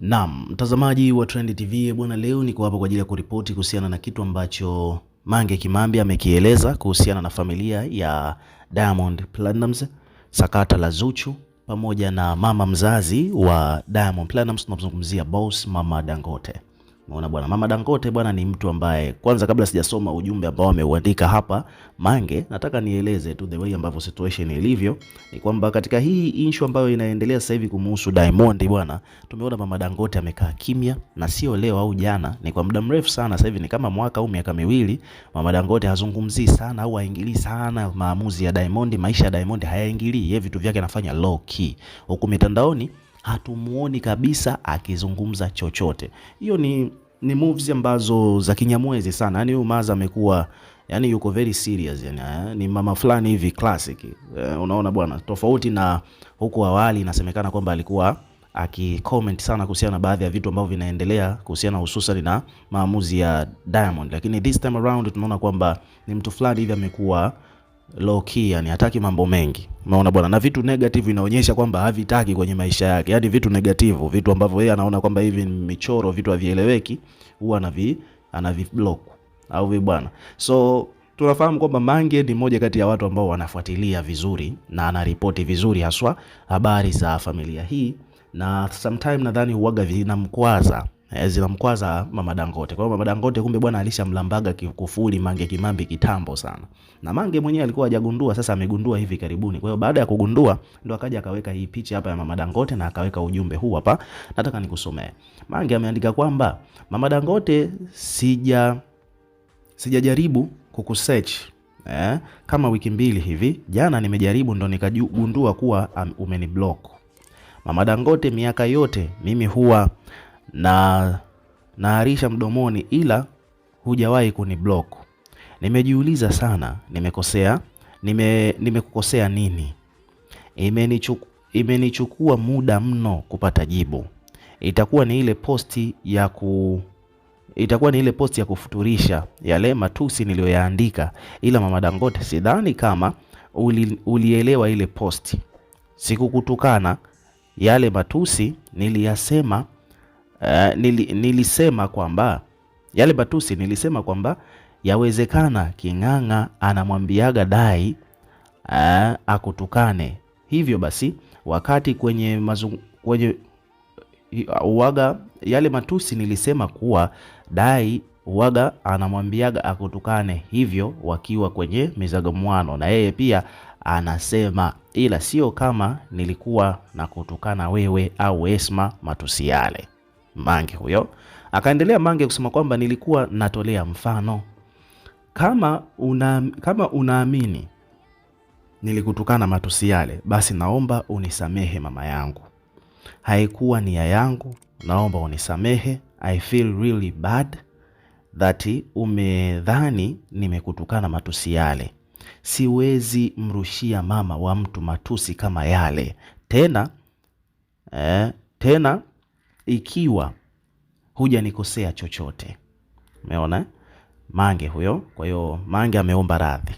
Naam, mtazamaji wa Trend TV bwana, leo niko hapa kwa ajili ya kuripoti kuhusiana na kitu ambacho Mange Kimambi amekieleza kuhusiana na familia ya Diamond Platnumz, sakata la Zuchu pamoja na mama mzazi wa Diamond Platnumz, tunamzungumzia boss mama Dangote. Unaona bwana, Mama Dangote bwana ni mtu ambaye kwanza, kabla sijasoma ujumbe ambao ameuandika hapa Mange, nataka nieleze tu the way ambavyo situation ilivyo ni kwamba katika hii issue ambayo inaendelea sasa hivi kumhusu Diamond bwana, tumeona Mama Dangote amekaa kimya, na sio leo au jana, ni kwa muda mrefu sana. Sasa hivi ni kama mwaka au miaka miwili, Mama Dangote hazungumzii sana au haingilii sana maamuzi ya Diamond, maisha ya Diamond hayaingilii, yeye vitu vyake anafanya low key huko mitandaoni hatumuoni kabisa akizungumza chochote. Hiyo ni, ni moves ambazo za kinyamwezi sana, yani huyu Maza amekuwa yani yuko very serious yani, eh? Ni mama fulani hivi classic eh, unaona bwana, tofauti na huko awali inasemekana kwamba alikuwa akicomment sana kuhusiana na baadhi ya vitu ambavyo vinaendelea kuhusiana hususan na maamuzi ya Diamond, lakini this time around tunaona kwamba ni mtu fulani hivi amekuwa low key, yani hataki mambo mengi. Umeona bwana, na vitu negative inaonyesha kwamba havitaki kwenye maisha yake, yani vitu negative, vitu ambavyo yeye anaona kwamba hivi ni michoro, vitu havieleweki, huwa anavi block au vi bwana. So tunafahamu kwamba Mange ni mmoja kati ya watu ambao wanafuatilia vizuri na anaripoti vizuri haswa habari za familia hii, na sometime nadhani huaga vinamkwaza Eh, zinamkwaza mama Dangote. Kwa hiyo mama Dangote kumbe bwana alishamlambaga kufuli Mange Kimambi kitambo sana, na Mange mwenyewe alikuwa hajagundua, sasa amegundua hivi karibuni. Kwa hiyo baada ya kugundua ndo akaja akaweka hii picha hapa ya mama Dangote na akaweka ujumbe huu hapa, nataka nikusomee. Mange ameandika kwamba mama Dangote, sija sijajaribu kukusearch eh, kama wiki mbili hivi. Jana nimejaribu ndo nikagundua kuwa um, umeniblock. Mama Dangote, miaka yote mimi huwa na naarisha mdomoni, ila hujawahi kuniblock. Nimejiuliza sana, nimekosea nime nimekukosea nini? Imenichuk, imenichukua muda mno kupata jibu. Itakuwa ni ile posti ya ku itakuwa ni ile posti ya kufuturisha yale matusi niliyoyaandika, ila Mama Dangote, sidhani kama uli, ulielewa ile posti. Sikukutukana, yale matusi niliyasema uh, nili, nilisema kwamba yale matusi nilisema kwamba yawezekana King'ang'a anamwambiaga Dai uh, akutukane. Hivyo basi wakati kwenye mazung, kwenye uwaga yale matusi nilisema kuwa Dai uwaga anamwambiaga akutukane, hivyo wakiwa kwenye mizagamwano na yeye pia anasema, ila sio kama nilikuwa na kutukana wewe au Esma matusi yale. Mange huyo akaendelea Mange kusema kwamba nilikuwa natolea mfano kama, una, kama unaamini nilikutukana matusi yale, basi naomba unisamehe mama yangu, haikuwa nia yangu, naomba unisamehe. I feel really bad that umedhani nimekutukana matusi yale. Siwezi mrushia mama wa mtu matusi kama yale tena eh, tena ikiwa hujanikosea chochote. Umeona Mange huyo. Kwa hiyo Mange ameomba radhi.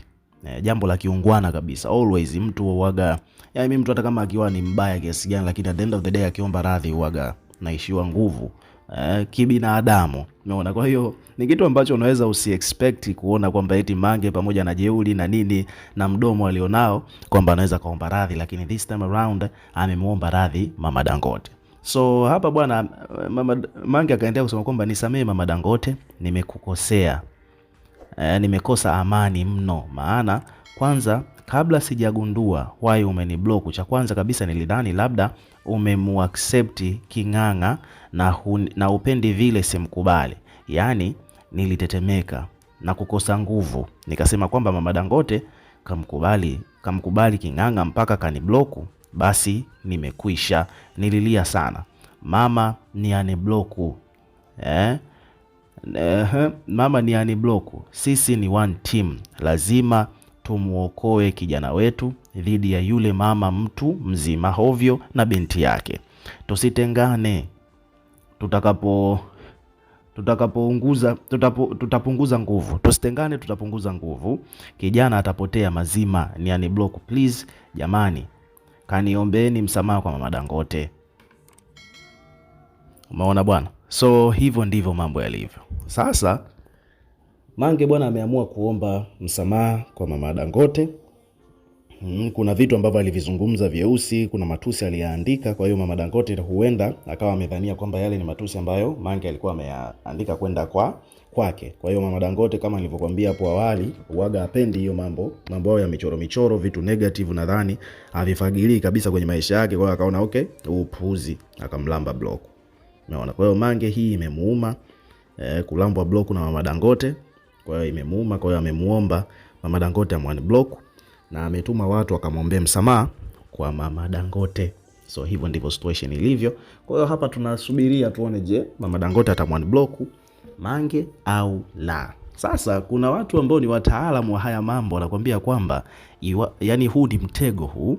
E, jambo la kiungwana kabisa. Always mtu huaga, yani mimi mtu hata kama akiwa ni mbaya kiasi gani, lakini at the end of the day akiomba radhi huaga naishiwa nguvu e, kibinadamu. Umeona? Kwa hiyo ni kitu ambacho unaweza usi expect kuona kwamba eti Mange pamoja na jeuli na nini na mdomo alionao kwamba anaweza kaomba radhi, lakini this time around amemuomba radhi Mama Dangote. So hapa bwana mama Mange akaendelea kusema kwamba nisamee mama Dangote, nimekukosea e, nimekosa amani mno, maana kwanza kabla sijagundua why umeniblock, cha kwanza kabisa nilidhani labda umemuaccept King'ang'a na, na upendi vile simkubali, yaani nilitetemeka na kukosa nguvu, nikasema kwamba mama Dangote kamkubali, kamkubali King'ang'a mpaka kaniblock basi nimekwisha. Nililia sana, mama ni bloku eh? Eh, mama ni bloku, Sisi ni one team, lazima tumuokoe kijana wetu dhidi ya yule mama mtu mzima hovyo na binti yake. Tusitengane, tutakapo tutakapounguza tutapo, tutapunguza nguvu. Tusitengane, tutapunguza nguvu. Kijana atapotea mazima. Ni ani block please, jamani kaniombeni msamaha kwa mama Dangote. Umeona bwana, so hivyo ndivyo mambo yalivyo sasa. Mange bwana ameamua kuomba msamaha kwa mama Dangote. Mm, kuna vitu ambavyo alivizungumza vyeusi, kuna matusi aliyaandika. Kwa hiyo mama Dangote huenda akawa amedhania kwamba yale ni matusi ambayo Mange alikuwa ameandika kwenda kwa kwake. Kwa hiyo mama Dangote kama nilivyokuambia hapo awali, huaga apendi hiyo mambo, mambo yao ya michoro michoro, vitu negative, nadhani havifagilii kabisa kwenye maisha yake. Kwa hiyo akaona okay, upuzi, akamlamba block. Umeona? Kwa hiyo Mange hii imemuuma eh, kulambwa block na mama Dangote. Kwa hiyo imemuuma, kwa hiyo amemuomba mama Dangote amwan block na ametuma watu akamwombea msamaha kwa mama Dangote. So hivyo ndivyo situation ilivyo. Kwa hiyo hapa tunasubiria tuone, je, mama Dangote atamwanblock Mange au la? Sasa kuna watu ambao ni wataalamu wa haya mambo wanakuambia kwamba iwa, yani huu ni mtego huu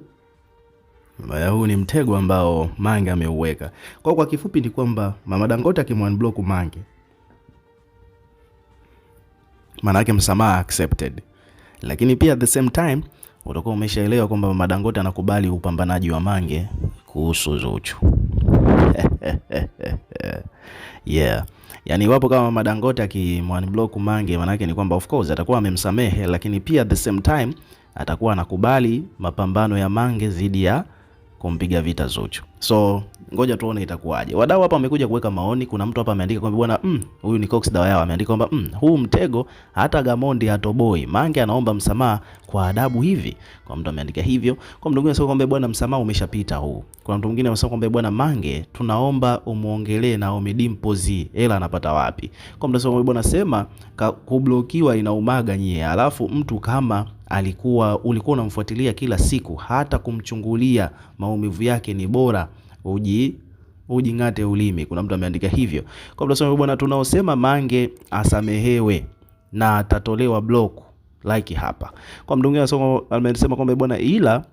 huu ni mtego ambao Mange ameuweka. Kwa kwa kifupi ni kwamba mama Dangote akimwanblock Mange, maana yake msamaha accepted, lakini pia at the same time utakuwa umeshaelewa kwamba Mama Dangote anakubali upambanaji wa Mange kuhusu Zuchu. Yeah. Yaani iwapo kama Mama Dangote akimwaniblock Mange, maana ni kwamba of course atakuwa amemsamehe, lakini pia at the same time atakuwa anakubali mapambano ya Mange dhidi ya kumpiga vita Zuchu. So ngoja tuone itakuwaje. Wadau hapa wamekuja kuweka maoni. Kuna mtu hapa ameandika kwamba bwana, mm, huyu ni Cox dawa yao. Ameandika kwamba mm, huu mtego hata Gamondi hatoboi. Mange anaomba msamaha kwa adabu hivi. Kwa mtu ameandika hivyo. Kwa mtu mwingine anasema kwamba bwana, msamaha umeshapita huu. Kuna mtu mwingine anasema kwamba bwana, Mange tunaomba umuongelee na Omidimpozi, hela anapata wapi? Kwa mtu anasema bwana, sema kublokiwa inaumaga nyie. Alafu mtu kama alikuwa ulikuwa unamfuatilia kila siku, hata kumchungulia maumivu yake ni bora uji ujing'ate ulimi. Kuna mtu ameandika hivyo kwa bwana, tunaosema Mange asamehewe na atatolewa block like hapa. Kwa mdungi anasema kwamba bwana, ila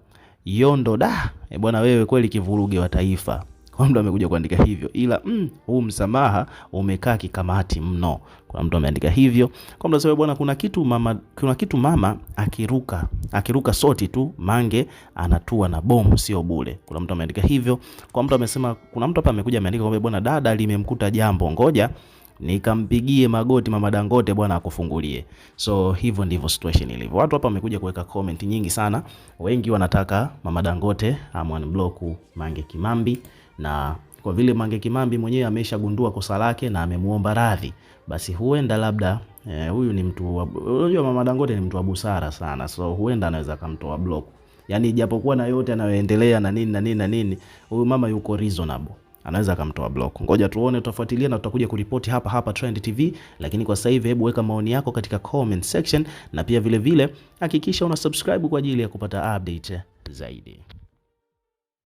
Yondo da eh, bwana, wewe kweli kivuruge wa taifa kwa mtu amekuja kuandika hivyo, ila mm, huu msamaha umekaa kikamati mno. Kuna mtu ameandika hivyo kwa mtu bwana, kuna kitu mama, kuna kitu mama akiruka akiruka soti tu mange anatua na bomu, sio bule Kuna mtu ameandika hivyo kwa mtu amesema, kuna mtu hapa amekuja ameandika kwamba bwana, dada limemkuta jambo, ngoja nikampigie magoti mama Dangote bwana akufungulie. So hivyo ndivyo situation ilivyo. Watu hapa wamekuja kuweka comment nyingi sana, wengi wanataka mama Dangote amwanblock Mange Kimambi na kwa vile Mange Kimambi mwenyewe ameshagundua kosa lake na amemuomba radhi, basi huenda labda eh, huyu ni mtu unajua, mama Dangote ni mtu wa busara sana, so huenda anaweza akamtoa block, yani japokuwa na yote anayoendelea na nini na nini na nini, huyu mama yuko reasonable anaweza akamtoa block. Ngoja tuone, tutafuatilia na tutakuja kuripoti hapa hapa Trend TV, lakini kwa sasa hivi hebu weka maoni yako katika comment section, na pia vile vile hakikisha una subscribe kwa ajili ya kupata update zaidi.